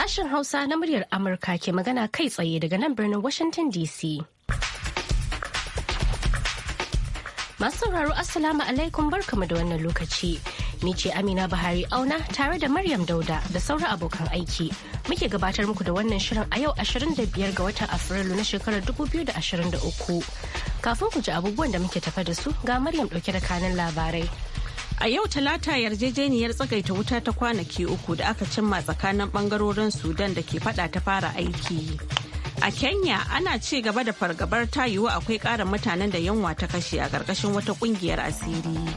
Sashen Hausa na muryar Amurka ke magana kai tsaye daga nan birnin Washington DC. Masu sauraro Assalamu alaikum barkamu da wannan lokaci. Ni ce Amina Buhari Auna tare da Maryam Dauda da sauran abokan aiki. Muke gabatar muku da wannan shirin a yau 25 ga watan Afrilu na shekarar 2023. Kafin ku ji abubuwan da muke tafa da su ga Maryam ɗauke da kanin labarai. A yau talata yarjejeniyar tsagaita wuta ta kwanaki uku da aka cimma tsakanin bangarorin Sudan da ke fada ta fara aiki. A Kenya ana ci gaba da fargabar ta akwai ƙarin mutanen da yunwa ta kashe a karkashin wata ƙungiyar asiri.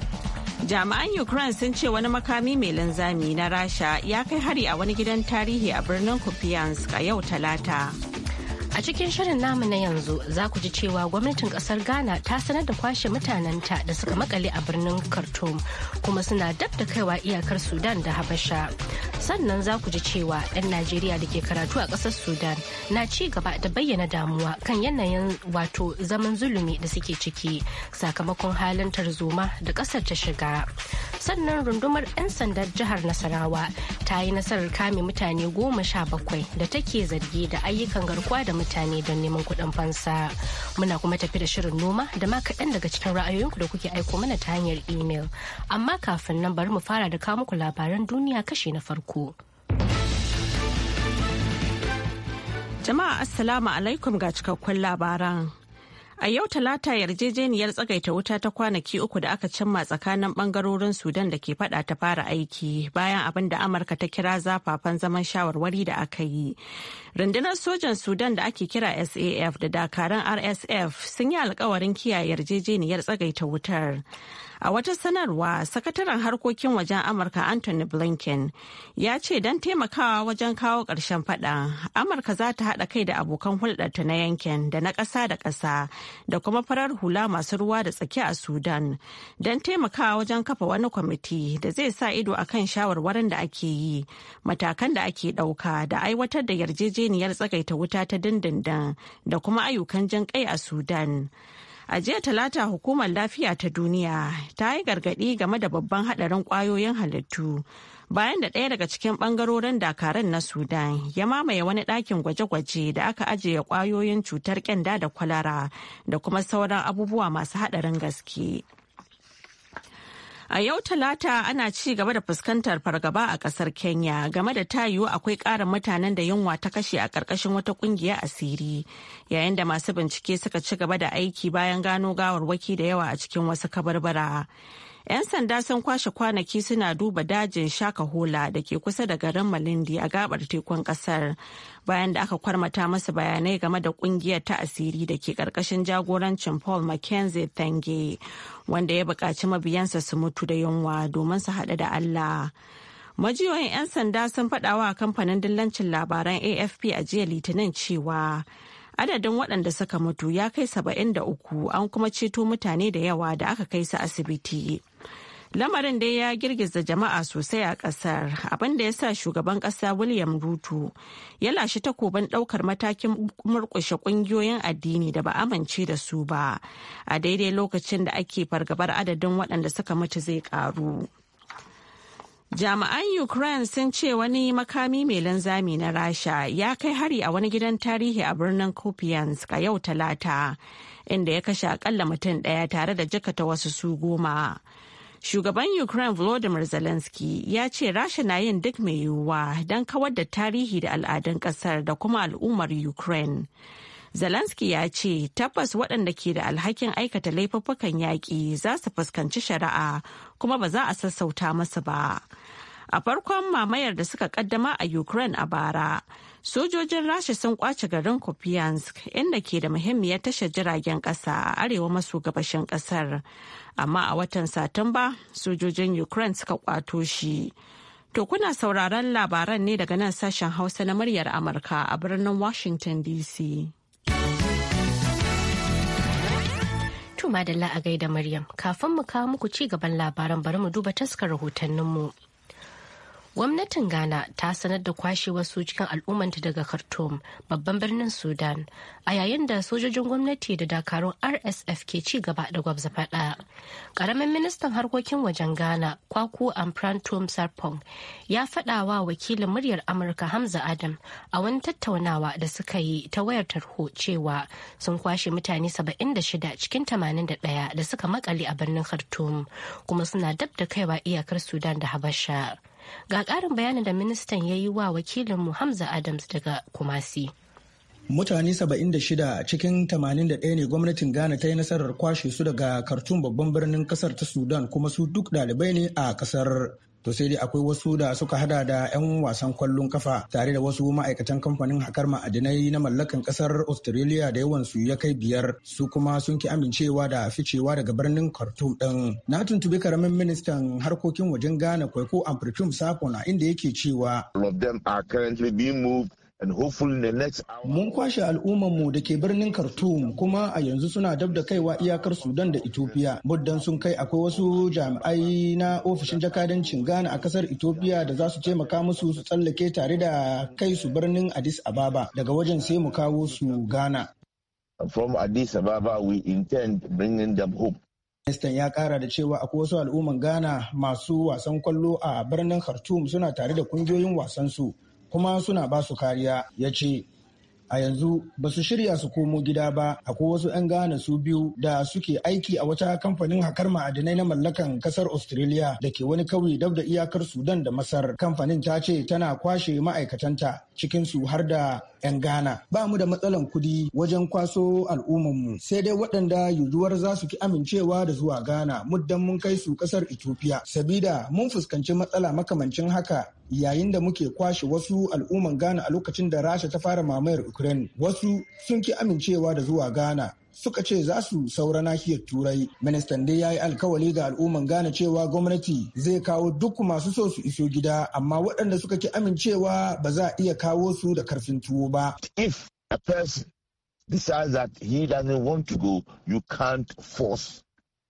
Jami'an Ukraine sun ce wani makami mai linzami na Rasha ya kai hari a wani gidan tarihi a birnin Kupiansk a yau talata. A cikin shirin namu na yanzu za ku ji cewa gwamnatin kasar Ghana ta sanar da kwashe mutanen ta da suka makale a birnin Khartoum kuma suna dabda kaiwa iyakar Sudan da Habasha. Sannan za ku ji cewa ɗan Najeriya da ke karatu a kasar Sudan na ci gaba da bayyana damuwa kan yanayin wato zaman zulumi da suke ciki sakamakon halin tarzoma da kasar ta shiga. Sannan rundumar 'yan sandar jihar Nasarawa ta yi nasarar kame mutane goma sha bakwai da take zargi da ayyukan garkuwa da mutane don neman kuɗin fansa muna kuma tafi da shirin noma da ma kaɗan daga cikin ra'ayoyinku da kuke aiko mana ta hanyar imel amma kafin nan bari mu fara da kawo muku labaran duniya kashe na farko jama'a assalamu alaikum ga cikakkun labaran A yau talata yarjejeniyar tsagaita wuta ta kwanaki uku da aka cimma tsakanin bangarorin Sudan da ke fada ta fara aiki bayan abin da Amurka ta kira zafafan zaman shawarwari da aka yi. Rundunar sojan Sudan da ake kira SAF da dakaran RSF sun yi alkawarin kiyaye yarjejeniyar tsagaita wutar. A wata sanarwa, sakataren harkokin wajen Amurka Anthony Blinken ya ce don taimakawa wajen kawo ƙarshen faɗa, Amurka za ta haɗa kai da abokan hulɗarta na yankin da na ƙasa da ƙasa da kuma farar hula masu ruwa da tsaki a Sudan don taimakawa wajen kafa wani kwamiti da zai sa ido a kan shawarwarin da ake yi, matakan da ake ɗauka da aiwatar da yarjejeniyar tsagaita wuta ta dindindin da kuma ayyukan jin kai a Sudan. A jiya talata hukumar lafiya ta duniya ta yi gargadi game da babban haɗarin kwayoyin halittu bayan da ɗaya daga cikin ɓangarorin dakaran na Sudan ya mamaye wani ɗakin gwaje-gwaje da aka ajiye ƙwayoyin cutar kyanda da kwalara da kuma sauran abubuwa masu haɗarin gaske. A yau Talata ana ci gaba da fuskantar fargaba a kasar Kenya game da ta akwai ƙarin mutanen da yunwa ta kashe a ƙarƙashin wata ƙungiya asiri yayin da masu bincike suka ci gaba da aiki bayan gano gawarwaki da yawa a cikin wasu kabarbara. 'Yan sanda sun kwashe kwanaki suna duba dajin Shakahola da ke kusa da garin Malindi a gabar tekun kasar bayan da aka kwarmata masa bayanai game da kungiyar ta asiri da ke karkashin jagorancin Paul Mackenzie Thange wanda ya buƙaci mabiyansa su mutu da yunwa domin su haɗu da Allah. Majiyoyin 'yan sanda sun faɗawa kamfanin dillancin labaran AFP a jiya Litinin cewa adadin waɗanda suka mutu ya kai uku an kuma ceto mutane da yawa da aka kai su asibiti. Lamarin dai ya girgiza jama'a sosai a kasar abinda ya sa shugaban kasa William Ruto ya lashe takobin daukar matakin murkushe kungiyoyin addini da ba amince da su ba a daidai lokacin da ake fargabar adadin waɗanda suka mutu zai karu. Jami'an Ukraine sun ce wani makami mai linzami na Rasha ya kai hari a wani gidan tarihi a birnin Kupiansk a yau Talata, inda ya kashe akalla mutum ɗaya tare da jikata wasu su goma. Shugaban Ukraine Volodymyr Zelensky ya ce Rasha na yin duk mai yiwuwa don kawar da tarihi da al'adun ƙasar da kuma al'ummar Ukraine. Zelensky ya ce tabbas waɗanda ke da alhakin aikata laifuffukan yaƙi za su fuskanci shari'a kuma ba za a sassauta masu ba. A farkon mamayar da suka kaddama a Ukraine a bara, sojojin Rasha sun kwace garin Kupiansk inda ke da muhimmiyar tashar jiragen kasa a arewa maso gabashin kasar, Amma a watan Satumba, sojojin Ukraine suka kwato shi. To kuna sauraron labaran ne daga nan sashen Hausa na muryar Amurka a birnin Washington DC. To madalla a gaida Maryam, kafin mu kawo muku ci gaban labaran bari mu duba taskar rahotanninmu. mu. Gwamnatin Ghana ta sanar da kwashe wasu cikin al'ummanta daga Khartoum, babban birnin Sudan, a yayin da sojojin gwamnati da dakarun RSF ke ci gaba da gwabza faɗa. karamin ministan harkokin wajen Ghana, Kwaku Amprantum Sarpong, ya faɗa wa wakilin muryar Amurka Hamza Adam a wani tattaunawa da suka yi ta wayar tarho cewa sun kwashe mutane 76 cikin 81 da suka makale a birnin Khartoum, kuma suna dab da kaiwa iyakar Sudan da Habasha. Ga ƙarin bayanin da ministan ya yi wa wakilinmu Hamza Adams daga Kumasi. Mutane 76 cikin 81 ne gwamnatin Ghana ta yi nasarar kwashe su daga kartun babban birnin kasar ta Sudan kuma su duk dalibai ne a kasar. to sai dai akwai wasu da suka hada da 'yan wasan kwallon kafa tare da wasu ma'aikatan kamfanin hakar ma'adinai na mallakan kasar australia da yawan su ya kai biyar su kuma sun ki amincewa da ficewa daga birnin khartoum din na tuntubi karamin ministan harkokin wajen ghana kwaiko amfritum sapon a inda yake cewa Mun kwashe al'ummanmu da ke birnin Khartoum kuma a yanzu suna dab da kaiwa iyakar Sudan da Ethiopia. Muddan sun kai akwai wasu jami'ai na ofishin jakadancin Ghana a kasar Ethiopia da za su taimaka musu su tsallake tare da kai su birnin Addis Ababa. Daga wajen sai mu kawo su Ghana. From Ministan ya kara da cewa akwai wasu al'umman Ghana masu wasan kwallo a birnin Khartoum suna tare da kungiyoyin wasansu. su. kuma suna ba su kariya ya ce a yanzu ba su shirya su komo gida ba akwai wasu 'yan Ghana su biyu da suke aiki a wata kamfanin hakar ma'adinai na mallakan kasar Australia da ke wani kauye dab da iyakar Sudan da Masar. Kamfanin ta ce tana kwashe ma'aikatanta cikinsu har da 'yan Ghana. Ba mu da matsalan kudi wajen kwaso al'ummanmu sai dai waɗanda yujuwar za su ki amincewa da zuwa Ghana muddan mun kai su kasar Ethiopia. Sabida mun fuskanci matsala makamancin haka yayin da muke kwashe wasu al'umman Ghana a lokacin da Rasha ta fara mamayar Ukraine. Wasu sun ki amincewa da zuwa Ghana suka ce za su saura nahiyar turai ministan dai ya yi alkawali ga al'umman gane cewa gwamnati zai kawo duk masu so su iso gida amma waɗanda suka ki amincewa ba za a iya kawo su da karfin tuwo ba if a person decides that he doesn't want to go you can't force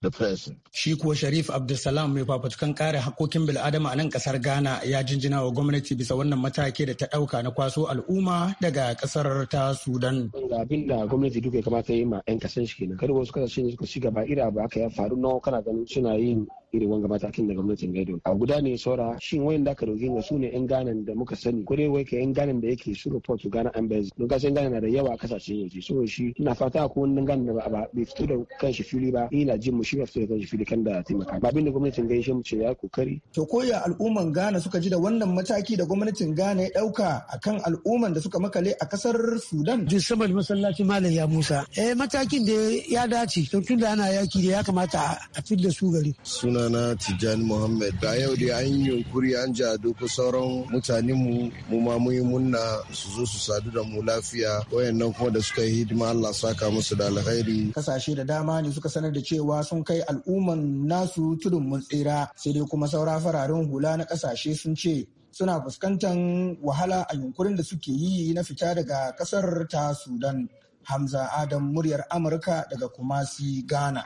the person. Shi kuwa Sharif Abdulsalam mai fafutukan kare hakokin bil'adama a nan kasar Ghana ya jinjina wa gwamnati bisa wannan mataki da ta ɗauka na kwaso al'umma daga kasar ta Sudan. Abin da gwamnati duka ya kamata yi ma 'yan kasan shi kenan. Kada wasu kasashe ne suka ci gaba ira ba aka ya faru nawa kana ganin suna yin irin wanga matakin da gwamnatin gado a guda ne saura shin wayan da aka dauke su ne yan ganan da muka sani ko dai wai ka yan ganan da yake su report to Ghana embassy don ka san na da yawa a kasashen yanzu so shi ina fata ko wannan ganan da ba bai fito da kanshi fili ba ina jin mu shi ba fito da kanshi fili kan da taimaka ba bin da gwamnatin gaishe mu ce ya kokari to ko ya al'umman Gana suka ji da wannan mataki da gwamnatin Ghana ya dauka akan al'umman da suka makale a kasar Sudan sabal masallaci Malam ya Musa eh matakin da ya dace to tun da ana yaki da ya kamata a fitar su gari suna sunana Tijjani Mohammed, Da yau dai an yi yunkuri an ja doko sauran mutanenmu mu ma mun yi munna su zo su sadu da mu lafiya wayannan kuma da suka yi hidima Allah saka musu da alkhairi. Kasashe da dama ne suka sanar da cewa sun kai al'umman nasu tudun mun tsira sai dai kuma saura fararen hula na kasashe sun ce suna fuskantar wahala a yunkurin da suke yi na fita daga kasar ta Sudan. Hamza Adam muryar Amurka daga Kumasi, Ghana.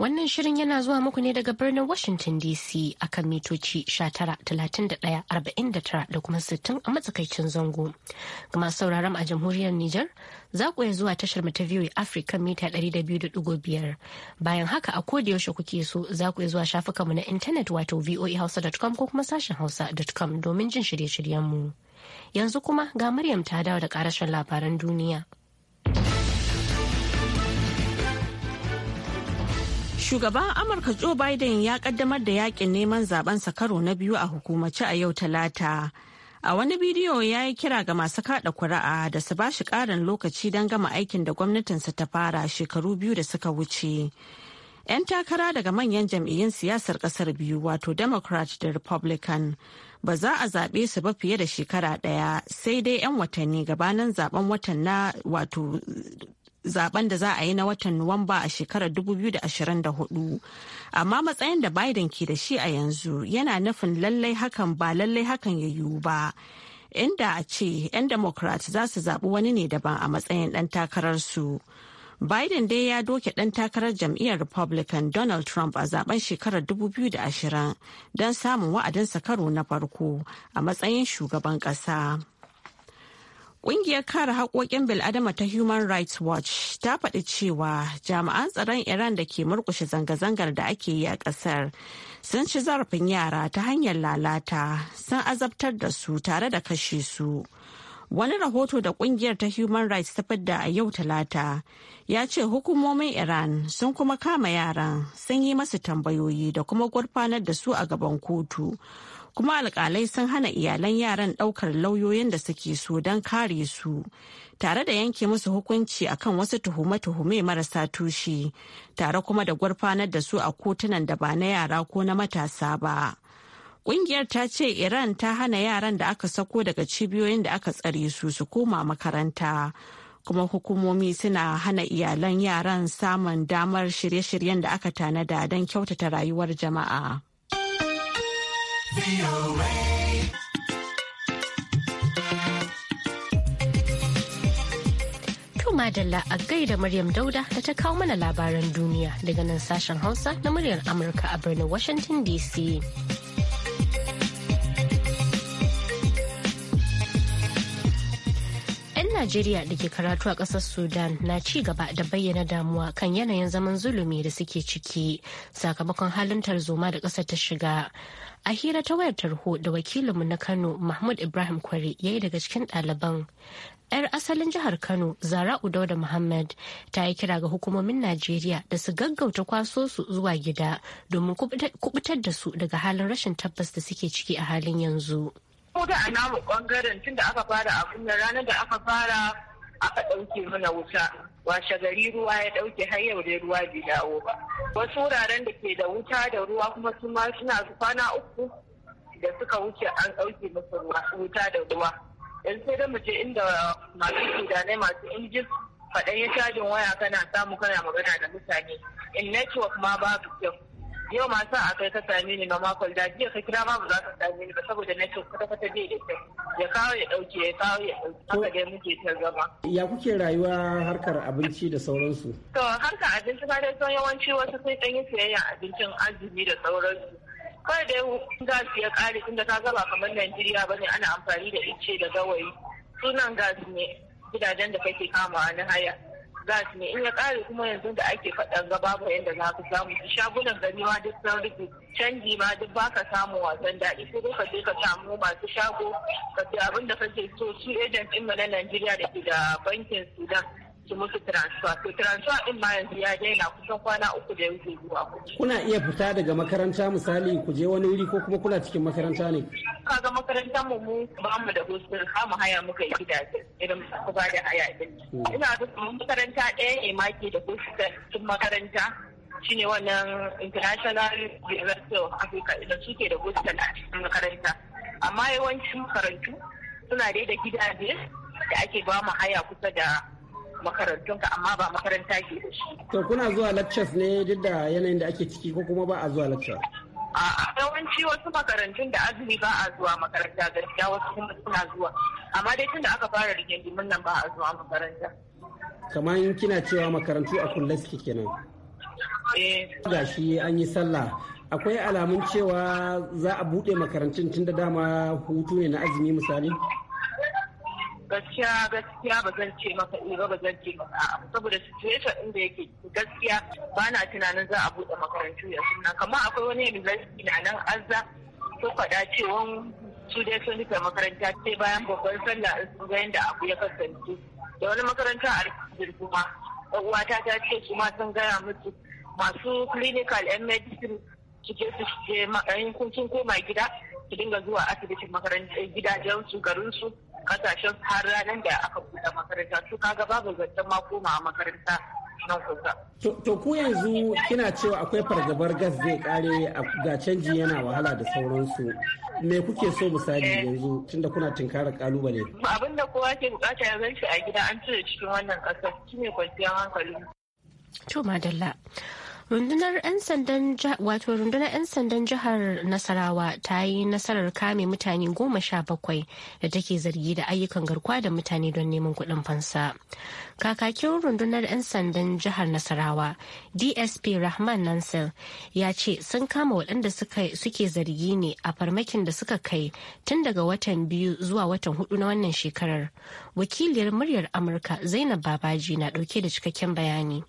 Wannan shirin yana zuwa muku ne daga birnin Washington DC akan mitoci 19,31,49 da kuma 60 a matsakaicin zango. kuma sauraron a jamhuriyar Nijar, za ku iya zuwa tashar mu ta VOA Africa mita 200.5. Bayan haka a koda yaushe kuke so za ku iya zuwa shafukanmu na intanet wato voahausa.com ko kuma sashen hausa.com domin jin shirye-shiryenmu. Yanzu kuma ga Maryam ta dawo da karashin labaran duniya. Shugaban Amurka Joe Biden ya kaddamar da yakin neman zabensa karo na biyu a hukumace a yau talata. A wani bidiyo ya yi kira ga masu kada kuri'a da su bashi karin lokaci don gama aikin da gwamnatinsa ta fara shekaru biyu da suka wuce. 'Yan takara daga manyan jam'iyyun siyasar kasar biyu wato Democrat da Republican ba za a zaɓe su ba fiye da shekara ɗaya sai dai 'yan watanni gabanin zaben watan na wato zaben da za a yi na watan Nuwamba a shekarar 2024. Amma matsayin da Biden ke da shi a yanzu yana nufin lallai hakan ba lallai hakan ya yiwu ba. Inda a ce 'yan Democrat za su zaɓi wani ne daban a matsayin ɗan takararsu. Biden dai ya doke ɗan takarar jam'iyyar Republican Donald Trump a zaben shekarar 2020 don samun wa'adinsa karo na farko a matsayin shugaban ƙasa. Ƙungiyar kare haƙoƙin bil'adama ta Human Rights Watch ta faɗi cewa jami'an tsaron Iran da ke murƙushe zanga-zangar da ake yi a ƙasar sun ci zarafin yara ta hanyar lalata sun azabtar da su tare da kashe su. Wani rahoto da kungiyar ta Human Rights ta fidda a yau Talata ya ce hukumomin Iran sun kuma kama yaran sun yi masu tambayoyi da kuma gurfanar da su a gaban kotu. Kuma alkalai sun hana iyalan yaran ɗaukar lauyoyin da suke so don kare su, tare da yanke musu hukunci akan wasu tuhume-tuhume marasa tushe, tare kuma da gurfanar da su a kotunan da ba na yara ko na matasa ba. kungiyar ta ce Iran ta hana yaran da aka sako daga cibiyoyin da aka tsare su su koma makaranta. Kuma hukumomi suna hana iyalan yaran samun damar shirye-shiryen da aka tanada don kyautata rayuwar jama'a. Madalla a gaida Maryam Dauda da ta kawo mana labaran duniya daga nan sashen Hausa na muryar Amurka a birnin Washington DC. Najeriya da ke karatu a ƙasar Sudan na ci gaba da bayyana damuwa kan yanayin zaman zulumi da suke ciki sakamakon halin tarzoma da ƙasar ta shiga. A hira ta wayar tarho da wakilinmu na Kano Mahmud Ibrahim Kwari ya yi daga cikin ɗaliban. 'Yar asalin jihar Kano Zara Udauda Muhammad ta yi kira ga hukumomin Najeriya da su gaggauta kwaso su zuwa gida domin kubutar da su daga halin rashin tabbas da suke ciki a halin yanzu. ko da a namu bangaren tun da aka fara a kunna ranar da aka fara aka ɗauke mana wuta washe gari ruwa ya ɗauke har yau dai ruwa bai dawo ba wasu wuraren da ke da wuta da ruwa kuma su ma suna kwana uku da suka wuce an ɗauke musu wuta da ruwa yanzu sai da mu inda masu gudanai masu injin faɗan ya cajin waya kana samu kana magana da mutane in network ma babu kyau yau ma sa a kai ka same ni na makon da jiya ka kira ma ba za ta same ni ba saboda na ce kwata ta bai da ta ya kawo ya dauke ya kawo ya dauke haka dai muke ta zama. ya kuke rayuwa harkar abinci da sauransu. to harkar abinci ba dai son yawanci wasu sai dan yi siyayya abincin azumi da sauransu. kawai dai gas ya kare tunda ta gaba kamar Najeriya bane ana amfani da ice da gawayi sunan gas ne gidajen da kake kama na haya. za ne in ya kare kuma yanzu da ake faɗan gaba ba yadda za ku samu su shagunan ganewa duk sun rufe canji ma duk ba ka samu wasan daɗi ko ka je ka samu masu shago ka abin da kake so su ejen ɗin na Najeriya da ke da bankin Sudan ki musu transfer to transfer din ma yanzu ya daina kusan kwana uku da yanzu zuwa kuna iya fita daga makaranta misali ku je wani wuri ko kuma kuna cikin makaranta ne kaga makarantar mu mu ba mu da hostel ha mu haya muka yi gidaje idan ku ba da haya din hmm. ina da makaranta ɗaya ne ma ke da hostel cikin makaranta shine wannan international university of africa da suke da hostel a cikin makaranta amma yawancin makarantu suna dai da gidaje da ake ba mu haya kusa da makarantunka amma ba makaranta ke da shi. To kuna zuwa lectures ne duk da yanayin da ake ciki ko kuma ba a zuwa lectures? A yawanci wasu makarantun da azumi ba a zuwa makaranta gaskiya wasu kuma suna zuwa. Amma dai tun da aka fara rigingimin nan ba a zuwa makaranta. Kamar kina cewa makarantu a kulle suke kenan. Eh. Gashi an yi sallah akwai alamun cewa za a buɗe makarantun tun da dama hutu ne na azumi misali? gaskiya gaskiya ba zan ce maka eh ba ba zan ce maka a'a saboda situation din da yake gaskiya ba na tunanin za a buɗe makarantu ya suna. kamar akwai wani university na nan azza sun faɗa cewa su dai sun rufe makaranta sai bayan babban sallah in sun ga yadda abu ya kasance da wani makaranta a rikin ma uwata ta ce su ma sun gaya musu masu clinical and medicine su je su je kun koma gida su dinga zuwa asibitin makarantar gidajensu garinsu kasashen har ranar da aka buɗe makaranta su kaga babu zancen ma koma makaranta nan kusa. To ku yanzu kina cewa akwai fargabar gas zai kare ga canji yana wahala da sauransu. Me kuke so misali eh. yanzu tunda kuna tunkarar kalubale? Abin da kowa ke bukata ya zai a gida an cire cikin wannan kasar ne kwanciyar hankali. To madalla. rundunar 'yan sandan wato rundunar 'yan sandan jihar nasarawa ta yi nasarar kame mutane goma sha bakwai da take zargi da ayyukan garkuwa da mutane don neman kuɗin fansa kakakin rundunar 'yan sandan jihar nasarawa dsp rahman nansel ya ce sun kama waɗanda suke zargi ne a farmakin da suka kai tun daga watan biyu zuwa watan hudu na wannan shekarar wakiliyar muryar amurka zainab babaji na ɗauke da cikakken bayani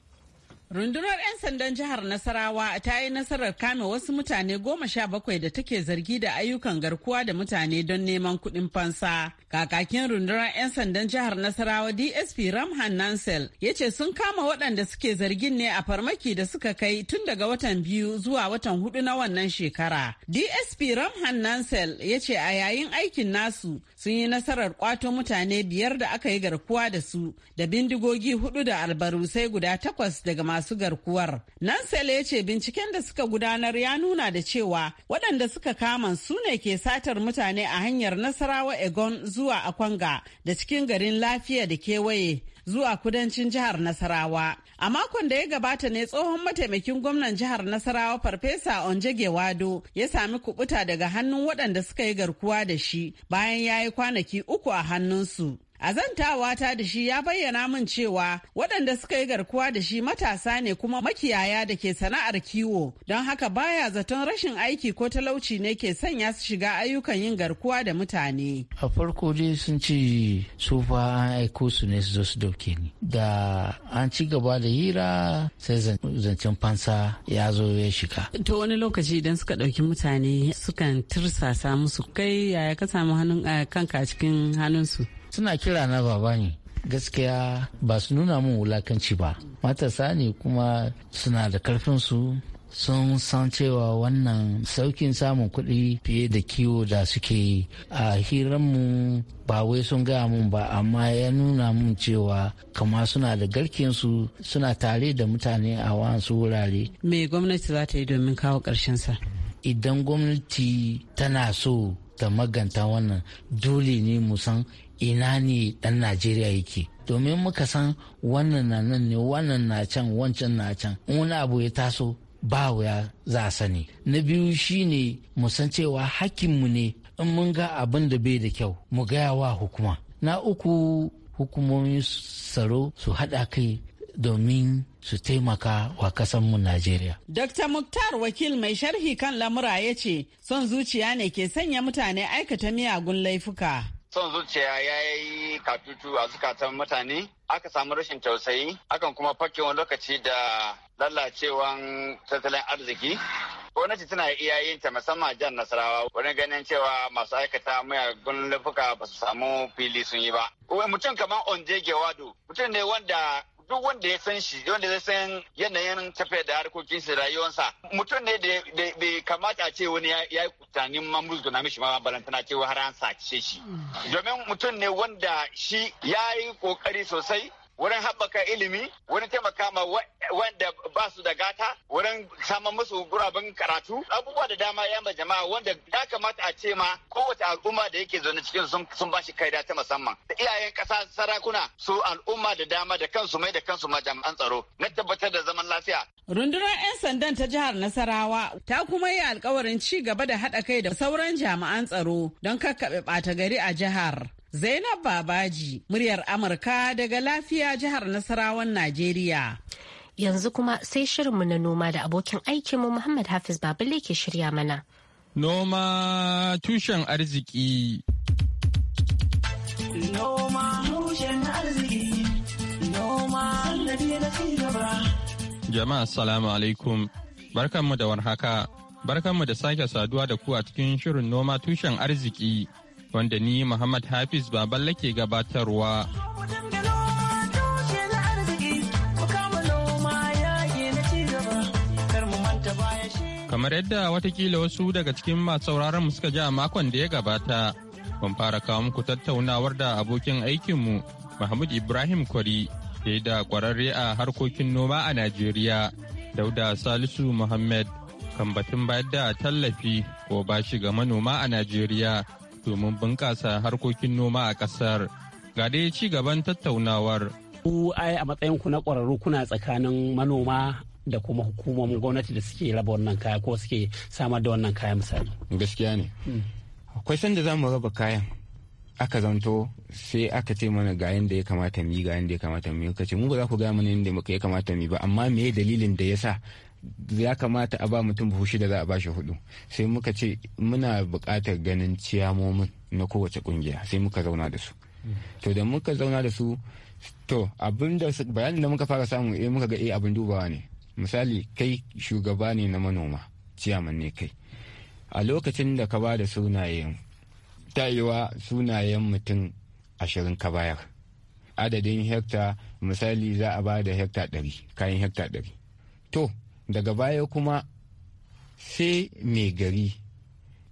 Rundunar 'yan sandan jihar Nasarawa ta yi nasarar kame wasu mutane goma sha bakwai da take zargi da ayyukan garkuwa da mutane don neman kuɗin fansa. Kakakin rundunar 'yan sandan jihar Nasarawa DSP Ramhan Nansel ya ce sun kama waɗanda suke zargin ne a farmaki da suka kai tun daga watan biyu zuwa watan hudu na wannan shekara. DSP Ramhan Nansel ya ce a yayin aikin nasu sun yi nasarar kwato mutane biyar da aka yi garkuwa da su da bindigogi hudu da albarusai guda takwas daga masu garkuwar. Nansele ya ce binciken da suka gudanar ya nuna da cewa waɗanda suka kama su ne ke satar mutane a hanyar Nasarawa Egon zuwa Akwanga da cikin garin lafiya da kewaye. zuwa kudancin jihar Nasarawa. A makon da ya gabata ne tsohon mataimakin gwamnan jihar Nasarawa Farfesa Onjege Wado ya sami kubuta daga hannun waɗanda suka yi garkuwa da shi bayan ya yi kwanaki uku a hannunsu. azantawata ta da shi ya bayyana min cewa waɗanda suka yi garkuwa da shi matasa ne kuma makiyaya da ke sana'ar kiwo don haka baya zaton rashin aiki ko talauci ne ke sanya su shiga ayyukan yin garkuwa da mutane. A farko dai sun ce su fa an aiko su ne su zo su dauke ni. Da an ci gaba da hira sai zancen fansa ya zo ya shiga. To wani lokaci idan suka ɗauki mutane sukan tirsasa musu kai yaya ka samu hannun eh, kanka a cikin hannunsu. suna kira na baba ne gaskiya ba su nuna min wulakanci ba matasa ne kuma suna da karfin su sun san cewa wannan saukin samun kuɗi fiye da kiwo da suke yi a mu ba wai sun gaya mun ba amma ya nuna mun cewa kama suna da garkinsu suna tare da mutane a wasu wurare me gwamnati za ta yi domin kawo ƙarshen sa idan gwamnati tana so ta maganta wannan dole ne mu ina ne ɗan najeriya yake domin muka san wannan na nan ne wannan na can wancan na can wani abu ya taso ba wuya za a sani na biyu shine mu san cewa mu ne in mun ga abin da bai da kyau mu gaya wa hukuma na uku hukumomin tsaro su haɗa kai domin su taimaka wa kasanmu Najeriya. Dr. Muktar wakil mai sharhi kan lamura ya ce son zuciya ne ke sanya mutane aikata miyagun laifuka. son zuciya ya yi katutu a zukatan mutane aka samu rashin tausayi akan kuma fakin wani lokaci da lalacewan tattalin arziki gwamnati tana iya yin ta musamman jihar nasarawa wurin ganin cewa masu aikata mayagun laifuka ba su samu fili sun yi ba mutum kamar onje wado mutum ne wanda duk wanda ya san shi wanda ya san yanayin tafiyar da harkokin sa rayuwarsa mutum ne da bai kamata ce wani ya yi kutanin mamuz guna mishi ma balantana cewa har an sace shi mm. domin mutum ne wanda shi ya yi kokari sosai wurin haɓaka ilimi wurin taimaka ma wanda ba su da gata wurin samun musu guraben karatu abubuwa da dama ya ma jama'a wanda ya kamata a ce ma kowace al'umma da yake zaune cikin sun ba shi kaida ta musamman da iyayen ƙasa sarakuna su al'umma da dama da kansu mai da kansu ma jami'an tsaro na tabbatar da zaman lafiya. rundunar 'yan sandan ta jihar nasarawa ta kuma yi alkawarin ci gaba da haɗa kai da sauran jami'an tsaro don kakkaɓe ɓata gari a jihar Zainab Babaji, muryar Amurka daga lafiya jihar Nasarawan Najeriya. Yanzu kuma sai shirinmu na noma da abokin aikinmu Muhammad Hafiz Baballe ke shirya mana. Noma tushen arziki. Noma tushen arziki. Noma Jama'a salamu alaikum. Barkanmu da warhaka. Barkanmu da sake saduwa da ku a cikin shirin noma tushen arziki wanda ni Muhammad Hafiz Baballe ke gabatarwa. Kamar yadda watakila wasu daga cikin masu mu suka ji a makon da ya gabata, mun fara kawo muku tattaunawar da abokin aikinmu Mahmud Ibrahim Kwari da da kwararre a harkokin noma a Najeriya, Dauda Salisu Muhammad kan batun bayar da tallafi ko bashi ga manoma a Najeriya. domin bunƙasa harkokin noma a ƙasar. Ga dai ci gaban tattaunawar. Ku ai a matsayin ku na ƙwararru kuna tsakanin manoma da kuma hukumomin gwamnati da suke raba wannan kaya ko suke samar da wannan kaya misali. Gaskiya ne. Hmm. Akwai sanda za mu raba kayan aka zanto sai aka ce mana ga yadda ya kamata mu yi ga yanda ya kamata mu yi kace mu ba za ku gaya mana yadda ya kamata mu yi ba amma me dalilin da ya sa ya kamata a ba mutum buhu shida za a ba shi hudu sai muka ce muna buƙatar ganin ciyamomin na kowace kungiya sai muka zauna da su to da muka zauna da su to abin da bayanin da muka fara samu eh muka ga eh abin dubawa ne misali kai shugaba ne na manoma ciyaman ne kai a lokacin da ka ba da sunayen tayewa sunayen mutum ashirin ka bayar adadin hekta misali za a ba da hekta ɗari kayan hekta ɗari to daga baya kuma sai mai gari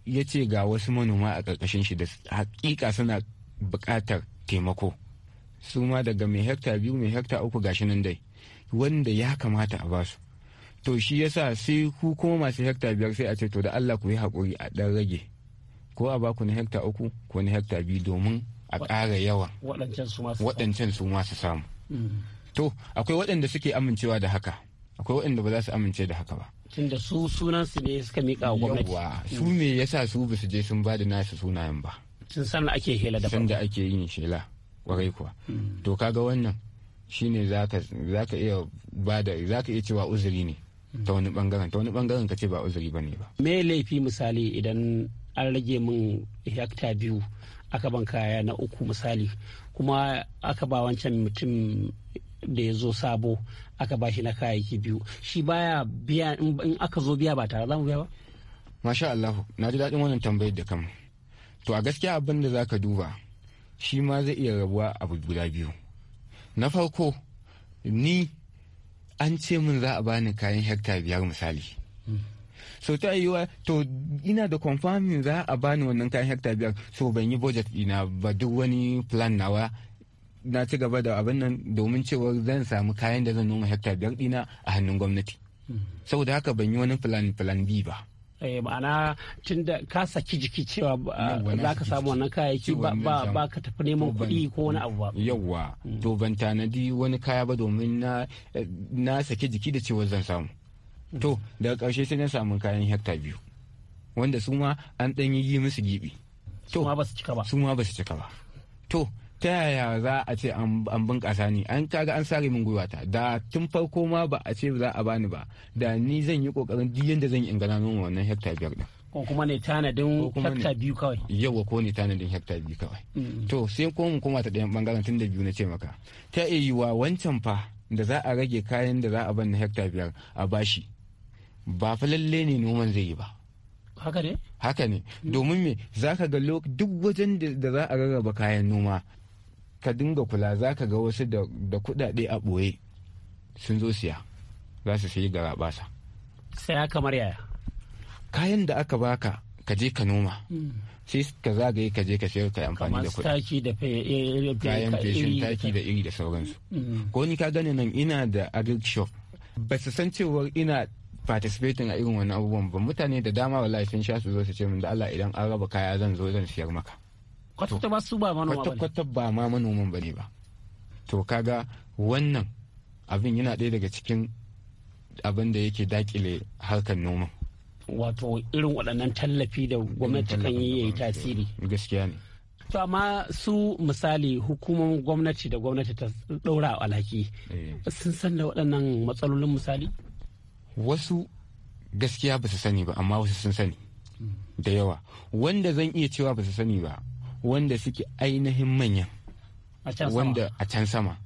ya ce ga wasu manoma a ƙarƙashin shi da hakika suna buƙatar taimako su ma daga mai hekta biyu mai hekta uku gashi nan dai wanda ya kamata a basu to shi yasa sai ku kuma masu hekta biyar sai a ce to da Allah ku yi haƙuri a ɗan rage ko a baku na hekta uku ko na hekta biyu domin a ƙara yawa waɗancan su masu samu mm. to akwai waɗanda suke amincewa da haka akwai waɗanda ba za su amince da haka ba tunda su sunan su ne suka mika wa gwamnati yawa su me yasa su ba su je sun ba da nasu sunayen ba sun san da ake hela da san da ake yin shela kwarai kuwa hmm. to kaga wannan shine zaka zaka iya ba da zaka iya cewa uzuri ne hmm. ta wani bangaren ta wani bangaren ka ce ba uzuri bane ba me laifi misali idan an rage mun hekta biyu aka ban kaya na uku misali kuma aka ba wancan mutum da ya zo sabo aka ba shi na kayayyaki biyu shi baya biya in aka zo biya ba tare za mu biya ba masha Allah na ji daɗin wannan tambayar da kam to a gaskiya abin da zaka duba shi ma zai iya rabuwa abu guda biyu na farko ni an ce min za a bani kayan hekta biyar misali so ta yiwa to ina da confirming za a bani wannan kayan hekta biyar so ban yi budget ina ba duk wani plan nawa na ci gaba da abin nan domin cewar zan samu kayan da zan noma hekta biyar dina a hannun gwamnati saboda haka ban yi wani plan plan bi ba eh, ma'ana tun da ka saki jiki cewa za ka samu wannan kayayyaki ba ka tafi neman kuɗi ko wani abu ba yawwa mm. to ban tanadi wani kaya ba domin na saki jiki da cewa zan samu mm. to daga ƙarshe sai na samu kayan hekta biyu wanda su ma an ɗan yi musu gibi ba su ma ba su cika ba to ta yaya za a ce an bunƙasa ni an kaga an sare min gwiwa ta da tun farko ma ba a ce za a bani ba da ni zan yi kokarin duk yanda zan yi ingana noma wannan hekta biyar din ko kuma ne tanadin hekta biyu kawai yawa ko ne tanadin hekta biyu kawai mm. to sai ko mu koma ta ɗayan bangaren tun da biyu na ce maka ta iya wa wancan fa da za a rage kayan da za a bani hekta biyar a bashi ba fa lalle ne noman zai yi ba haka ne haka ne mm. domin me za ka ga duk wajen da za a rarraba kayan noma ka dinga kula za ka ga wasu da kudade a ɓoye sun zo siya za su sayi gara basa saya kamar yaya kayan da aka baka ka je ka noma hmm. sai ka zagaye ka je ka sayar ka amfani da kuɗi taki da e, e, e, kayan feshin taki da iri da sauransu hmm. ko ni ka gane nan ina da adult shop ba su san cewar ina participating a irin wani abubuwan ba mutane da dama wallahi sun sha su zo su ce min da Allah idan an raba kaya zan zo zan siyar maka kwata-kwata ba su ba manoma kwata-kwata ba ma manoman bane ba to kaga wannan abin yana ɗaya daga cikin abin da yake dakile harkar noma wato irin waɗannan tallafi da gwamnati kan yi yayi tasiri gaskiya ne to amma su misali hukumar gwamnati da gwamnati ta a alhaki eh. sun san da waɗannan matsalolin misali wasu gaskiya ba su sani ba amma wasu sun sani da yawa wanda zan iya cewa ba su sani ba wanda suke ainihin manya wanda a can sama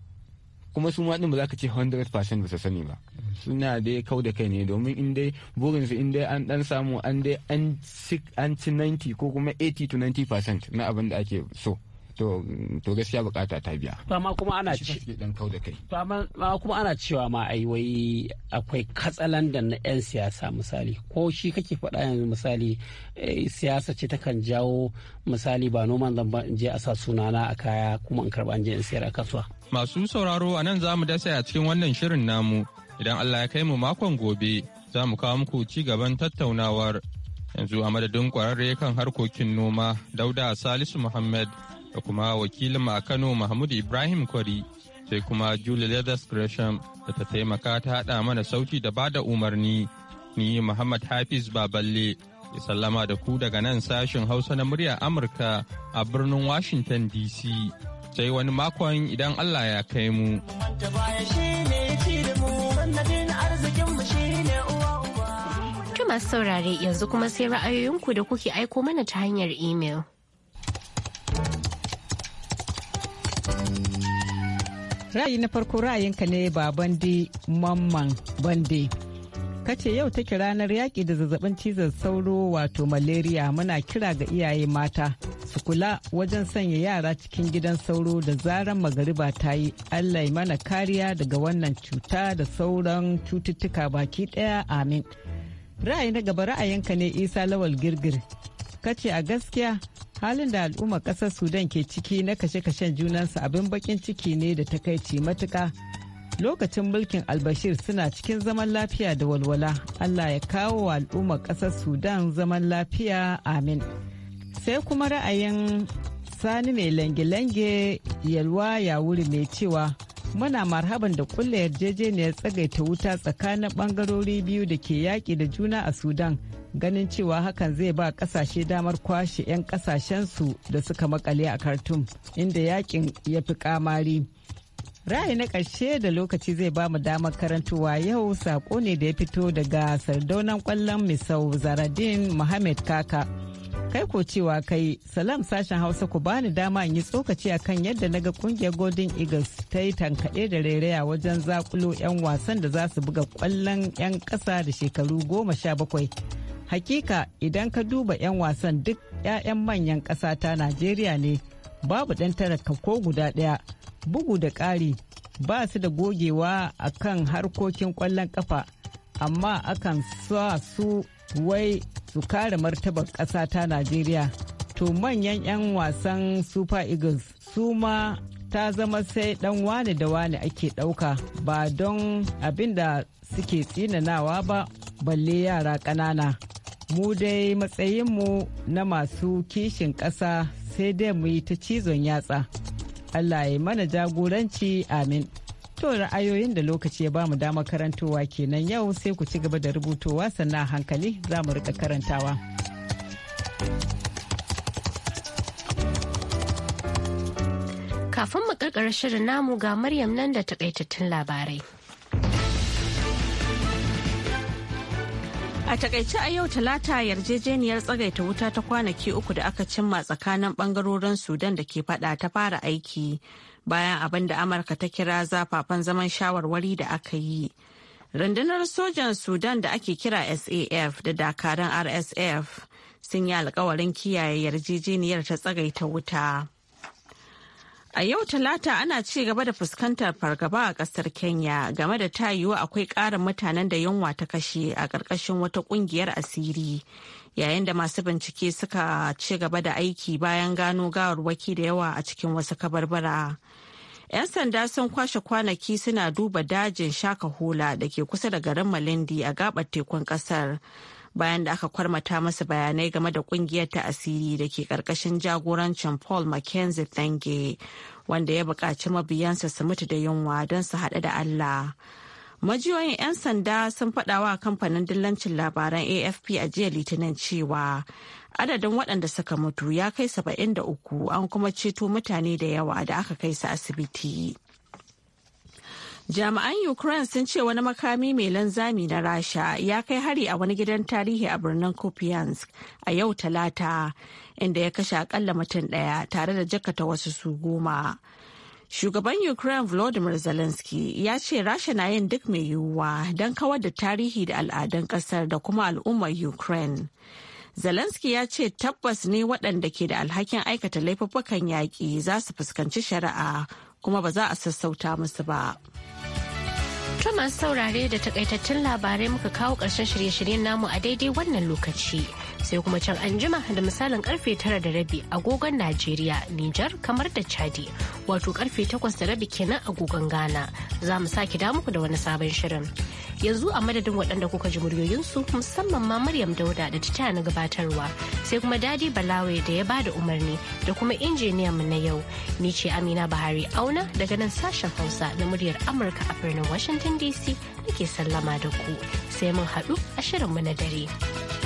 kuma su ma din ba za ka ce 100% ba su sani ba suna dai kau da kai ne domin in dai burinsu in dai an dan samu an dai an ci 90 ko kuma 80 to 90% na abin da ake so to gaskiya bukata ta biya to amma kuma ana kai to amma kuma ana cewa ma ai wai akwai katsalan da na yan siyasa misali ko shi kake faɗa yanzu misali eh, siyasa ce ta kan jawo misali ba noman zan in je a sa sunana a kaya kuma in karba in je in siyar a kasuwa masu sauraro a nan zamu mu dasa a cikin wannan shirin namu idan Allah ya kai mu makon gobe za mu kawo muku ci gaban tattaunawar yanzu a madadin kwararre kan harkokin noma dauda salisu muhammad da kuma wakilin a Kano Mahmud Ibrahim Kwari sai kuma Julie Leathers Gresham da ta taimaka ta haɗa mana sauti da bada umarni. Ni Muhammad Hafiz Baballe ya sallama da ku daga nan sashen Hausa na murya Amurka a birnin Washington DC. Sai wani makon idan Allah ya kai mu. masu saurare yanzu kuma sai ra'ayoyinku da kuke aiko mana ta hanyar imel. ra'ayi na farko ra'ayinka ne bandi mamman bande kace yau take ranar yaƙi da zazzabin cizon sauro wato malaria muna kira ga iyaye mata su kula wajen sanya yara cikin gidan sauro da zaran magariba ta yi allah mana kariya daga wannan cuta da sauran cututtuka baki ɗaya amin ra'ayi na gaba ra'ayinka ne isa lawal girgir kace a gaskiya halin da al'ummar ƙasar sudan ke ciki na kashe-kashen junansu abin bakin ciki ne da takaici matuka lokacin mulkin albashir suna cikin zaman lafiya da walwala allah ya kawo wa al'ummar ƙasar sudan zaman lafiya amin sai kuma ra'ayin sani mai lange-lange yalwa ya wuri mai cewa muna marhaban da kulle yarjejeniyar tsagaita wuta tsakanin bangarori biyu da ke yaƙi da juna a sudan ganin cewa hakan zai ba kasashe damar kwashe 'yan kasashensu da suka makale a khartoum inda yakin ya fi kamari ra'ayi na ƙarshe da lokaci zai ba mu damar karantuwa yau sako ne da ya fito daga sardaunan kwallon misau zaradin mohamed kaka kai ko cewa kai salam sashen hausa ku bani dama in yi tsokaci a kan yadda naga kungiyar golden eagles ta yi tankaɗe da rairaya wajen zakulo 'yan wasan da za su buga kwallon 'yan ƙasa da shekaru goma sha bakwai Hakika idan ka duba 'yan wasan duk 'ya'yan manyan ƙasa ta Najeriya ne babu ɗan taraka ko guda ɗaya bugu da ƙari ba su da gogewa a kan harkokin ƙwallon ƙafa amma akan sa su wai su kare martabar ƙasa ta Najeriya. To manyan 'yan wasan Super Eagles su ma ta zama sai dan wane da wane ake ɗauka ba don abin da suke tsinanawa ba balle yara ƙanana. mu dai matsayinmu na masu kishin ƙasa sai dai mu yi ta cizon yatsa. Allah ya mana jagoranci amin. To ra'ayoyin da lokaci ya bamu dama karantowa kenan yau sai ku ci gaba da rubutowa sannan hankali za mu rika karantawa. Kafin mu karkara shirin namu ga Maryam nan da takaitattun labarai. A takaice a yau talata yarjejeniyar tsagaita wuta ta kwanaki uku da aka cimma tsakanin bangarorin Sudan da ke fada ta fara aiki bayan abin da Amurka ta kira zafafan zaman shawarwari da aka yi. Rundunar sojan Sudan da ake kira SAF da dakarun RSF sun yi alkawarin kiyaye yarjejeniyar ta tsagaita wuta. A yau Talata ana ci gaba da fuskantar fargaba a kasar Kenya game da ta yiwu akwai ƙarin mutanen da yunwa ta kashe a ƙarƙashin wata ƙungiyar asiri. Yayin da masu bincike suka ci gaba da aiki bayan gano gawarwaki da yawa a cikin wasu kabarbara. 'Yan sanda sun kwashe kwanaki suna duba dajin shaka hula da ke kusa da garin Malindi a gabar tekun kasar bayan da aka kwarmata masa bayanai game da kungiyar ta asiri da ke karkashin jagorancin Paul Mackenzie Thange wanda ya buƙaci mabiyansa su mutu da yunwa don su haɗu da Allah. Majiyoyin 'yan sanda sun faɗawa kamfanin dillancin labaran AFP a jiya Litinin cewa adadin waɗanda suka mutu ya kai saba'in da uku an kuma ceto mutane da yawa da aka kai su asibiti. Jami'an Ukraine sun ce wani makami mai lanzami na Rasha ya kai hari a wani gidan tarihi a birnin kopiansk a yau Talata inda ya kashe akalla mutum ɗaya tare da jakata wasu su goma. Shugaban Ukraine Volodymyr Zelensky ya ce Rasha na yin duk mai yiwuwa don kawar da tarihi da al'adun ƙasar da kuma al'ummar Ukraine. Zelensky ya ce tabbas ne waɗanda ke da alhakin aikata laifuffukan yaƙi za su fuskanci shari'a kuma ba za a sassauta musu ba. To masu saurare da takaitattun labarai muka kawo ƙarshen shirye-shiryen namu a daidai wannan lokaci. sai kuma can anjima da misalin karfe tara da rabi agogon Najeriya, Nijar kamar da Chadi wato karfe takwas da rabi kenan agogon Ghana za mu sake da muku da wani sabon shirin. Yanzu a madadin waɗanda kuka ji muryoyinsu musamman ma Maryam Dauda da ta na gabatarwa sai kuma Dadi Balawe da ya bada umarni da kuma injiniyan mu na yau. Ni ce Amina Bahari Auna daga nan sashen Hausa na muryar Amurka a birnin Washington DC nake sallama da ku sai mun haɗu a shirin mu na dare.